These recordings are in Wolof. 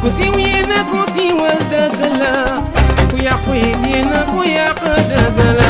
ku siiw yéen a ku siiwal dëgg la ku yàqu yéen a ku yàq dëgg la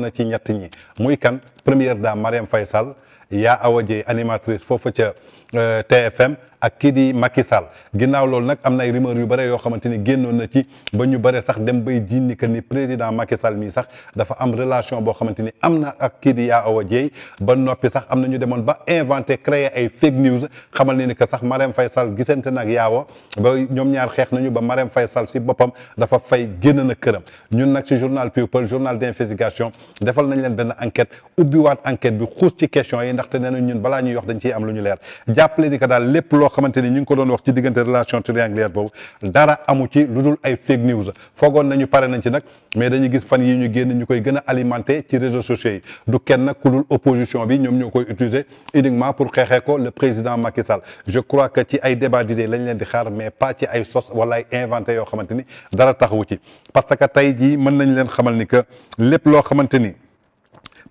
bokkoon na ci ñett ñi muy kan première da Marième Faye Sall yaa Awa Dieye animatrice foofu ca euh, TFM ak kii di Macky Sall ginnaaw loolu nag am na ay rumeur yu bare yoo xamante ni génnoon na ci ba ñu bare sax dem bay jinni que ni président Macky Sall mii sax dafa am relation boo xamante ni am na ak kii di Yaa Awa Dieye ba noppi sax am na ñu demoon ba inventé créer ay fake news xamal ni que sax Marème fay sal gisante na ak Yaawa ba ñoom ñaar xeex nañu ba Marème fay sal si boppam dafa fay génn na këram ñun nag si journal People journal d'investigation defal nañ leen benn enquête ubbiwaat enquête bi xuus ci question yi ndaxte nee nañ ñun balaa ñuy wax dañ ciy am lu ñu leer xamante ni ñu ngi ko doon wax ci diggante relation triangulaire boobu dara amu ci lu dul ay fake news foogoon nañu pare nañ ci nag mais dañuy gis fan yi ñu génn ñu koy gën a alimenté ci réseaux sociaux yi du kenn ku dul opposition bi ñoom ñoo koy utiliser uniquement pour xeexee ko le président Macky Sall je crois que ci ay débat d'idées lañ leen di xaar mais pas ci ay sos wala ay inventer yoo xamante ni dara taxawu ci parce que tey jii mën nañ leen xamal ni que lépp loo xamante ni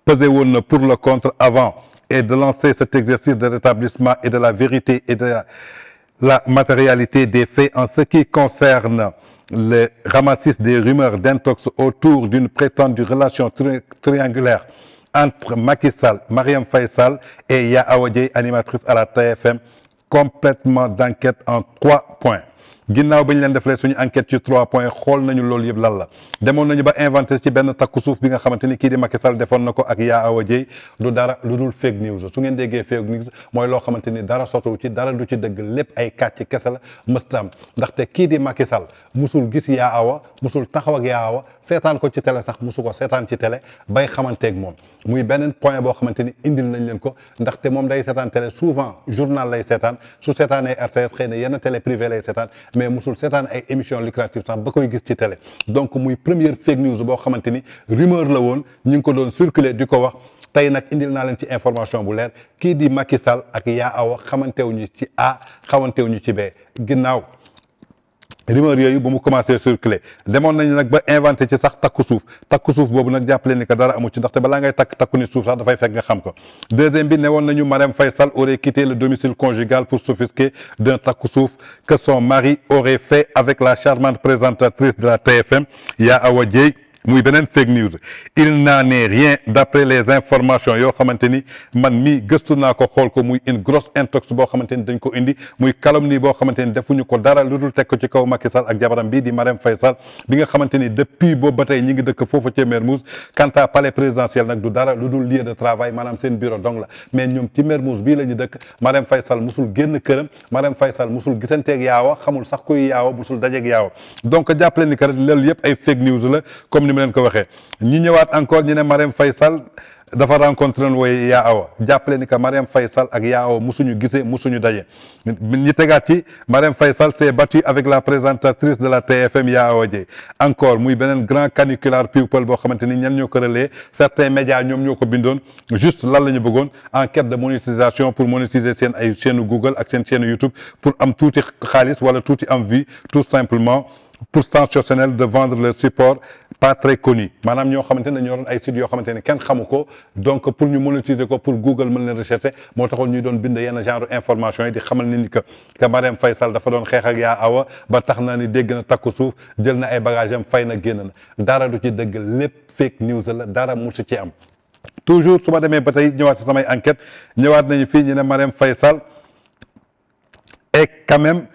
pesé woon na pour le contre avant et de lancer cet exercice de rétablissement et de la vérité et de la, matérialité des faits en ce qui concerne le ramassis des rumeurs d'intox autour d'une prétendue relation tri triangulaire entre Macky Sall, Mariam Faisal et Ya Awadje, animatrice à la TFM, complètement d'enquête en trois points. ginnaaw bañ ñu leen defalee suñu enquête ci trois points xool nañu loolu yëpp lan la demoon nañu ba inventé ci benn takku suuf bi nga xamante ni kii di Macky Sall defoon na ko ak Yaa Awa Dieye dara lu dul fake news su ngeen déggee fake news mooy loo xamante ni dara sotu ci dara du ci dëgg lépp ay kàcc kese la mëstaam ndaxte kii di Macky Sall musul gis Yaa Awa musul taxaw ak Yaa seetaan ko ci télé sax musu ko seetaan ci télé bay xamanteeg moom muy beneen boo xamante ni indil nañ leen ko ndaxte moom day seetaan télé souvent journal lay seetaan su seetaanee RTS xëy na yenn télé privé lay mais mosul seetaan ay émission lucrative sax ba koy gis ci télé donc muy première fake news boo xamante ni rumeur la woon ñu ngi ko doon circuler di ko wax tey nag indil naa leen ci information bu leer kii di Macky Sall ak Yaa Awa xamante wuñu ci A xamante wuñu ci B ginnaaw rumeur yooyu ba mu commencé circuler demoon nañ nag ba inventé ci sax takku suuf takku suuf boobu nag jàppale ni que dara amu ci ndaxte balaa ngay takk takku ni suuf sax dafay fekk nga xam ko deuxième bi newoon nañu Marème Faye Sall aurait quitté le domicile conjugal pour s'offusquer d'un takku suuf que son mari aurait fait avec la charmante présentatrice de la TFM Ya Awa Dieye muy beneen fake news il n'en est rien d'après les informations yoo xamante ni man mii gëstu naa ko xool ko muy une grosse intox boo xamante ni dañ ko indi muy calomnie boo xamante ni defuñu ko dara lu dul teg ko ci kaw Macky sal ak jabaram bii di Marème Faye Sall bi nga xamante ni depuis boobu ba tey ñi ngi dëkk foofu ca Mermoz quant à palais présidentiel nag du dara lu dul lieu de travail maanaam seen bureau dong la mais ñoom ci Mermoz bii la ñu dëkk Marème Faye Sall musul génn këram Marème Faye Sall musul gisanteeg yaawa xamul sax kuy yaawa musul dajeeg yaawa donc jàppale ni que loolu yëpp ay fake news la ni ma leen ko waxee ñi ñëwaat encore ñu ne Marème Faye Sall dafa rencontré woon wooy Yaa Awa jàppale ni que Marème Faye Sall ak Yaa Awa musuñu gisee musuñu daje ñi tegaat ci Marème Faye Sall s'est battue avec la présentatrice de la TFM Yaa Awa Dieye encore muy beneen grand caniculaire people boo xamante ni ñan ñoo ko relayé certains médias ñoom ñoo ko bindoon juste lan la ñu bëggoon en quête de monétisation pour monétiser seen ay chaîne Google ak seen chaîne YouTube pour am tuuti xaalis wala tuuti am vie tout pas très connus maanaam ñoo xamante ne ñoo doon ay sites yoo xamante ne kenn xamu ko donc pour ñu monétiser ko pour Google mën leen rechercher moo taxoon ñuy doon binde yenn genre information yi di xamal ni ni que que Marième Faye dafa doon xeex ak Yaa Awa ba tax na ni dégg na takku suuf jël na ay bagages am fay na génn na dara du ci dëgg lépp fake news la dara musu ci am toujours su ma demee ba tey ñëwaat si samay enquête ñëwaat nañu fii ñu ne Marième Faye Sall est quand même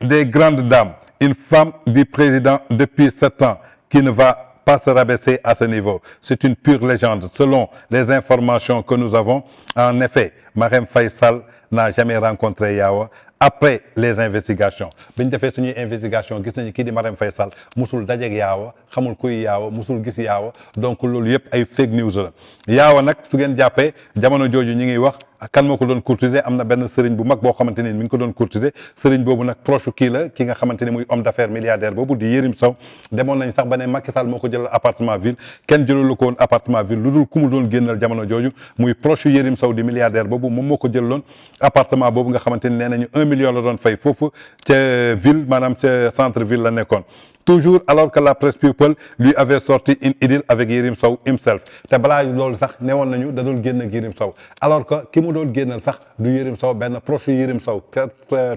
des grandes dames une femme du président depuis sept ans qui ne va pas se rabaisser à ce niveau. C'est une pure légende. Selon les informations que nous avons, en effet, Marem sal n'a jamais rencontre Yawa après les investigations. Biñ defee suñuy investigation gis nañu kii di Marem Faisal musul dajeeg Yawa xamul kuy Yawa musul gis Yawa donc loolu yëpp ay fake news la Yawa nag su ngeen jàppee jamono jooju ñu ngi wax kan moo ko doon courtiser am na benn sëriñ bu mag boo xamante ni mi ngi ko doon courtiser sëriñ boobu nag proche kii la ki nga xamante ni muy homme d'affaires milliardaire boobu di Yérim Sow demoon nañ sax ba ne Macky Sall moo ko jëlal appartement ville kenn jëlalu ko woon appartement ville lu dul ku mu doon génnal jamono jooju muy proche Yérim Sow di milliardaire boobu moom moo ko jël jëlaloon appartement boobu nga xamante ni nee nañu un million la doon fay foofu ca maanaam ca centre la nekkoon toujours alors que la presse people lui avait sorti une idylle avec Yérim Sow himself te balaa loolu sax newoon nañu da doon génn ak Yérim Sow alors que ki mu doon génnal sax du Yérim Sow benn proche Yérim Sow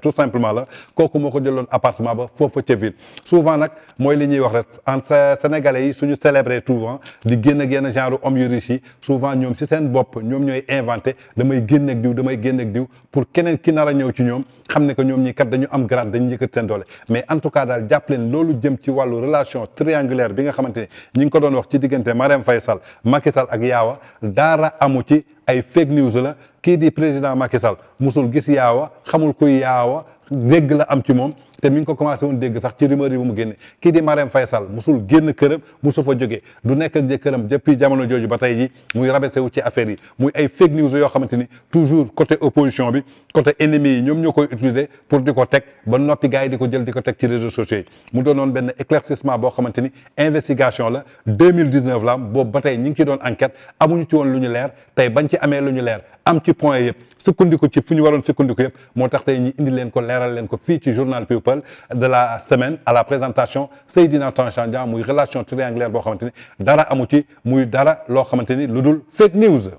tout simplement la kooku moo ko jëloon appartement ba foofa ca ville souvent nag mooy li ñuy wax rek entre sénégalais yi suñu célébrer souvent di génn ak yenn genre homme yu riche yi souvent ñoom si seen bopp ñoom ñooy inventé damay génn ak diw damay génn pour keneen ki nar a ñëw ci ñoom xam ne que ñoom ñi kat dañu am grade dañu yëkkat seen doole mais jëm ci wàllu relation triangulaire bi nga xamante ni ñi ngi ko doon wax ci diggante Marème Faye Sall Macky Sall ak Yaawa daara amu ci ay fake news la kii di président Macky Sall musul gis Yaawa xamul kuy Yaawa dégg la am ci moom te mi ngi ko commencé woon dégg sax ci rumeur yi mu génne kii di Marème Faye Sall musul génn këram musu fa jógee du nekk ak jëkkëram depuis jamono jooju ba tey ji muy rabaissé wu ci affaire yi muy ay fake news yoo xamante ni toujours côté opposition bi côté ennemi yi ñoom ñoo koy utiliser pour di ko teg ba noppi gars yi di ko jël di ko teg ci réseau sociaux yi mu doonoon benn éclaircissement boo xamante ni investigation la 2019 la am boobu ba tey ñi ngi ci doon amuñu ci woon lu leer tey ci amee lu ñu leer am ci point yëpp sukkandiku ci fu ñu waroon sukkandiku yëpp moo tax tey ñu indi leen ko leeral leen ko fii ci journal People de la semaine à la présentation Seydina Tange Dieng muy relation triangulaire boo xamante ni dara amu ci muy dara loo xamante ni lu dul fake news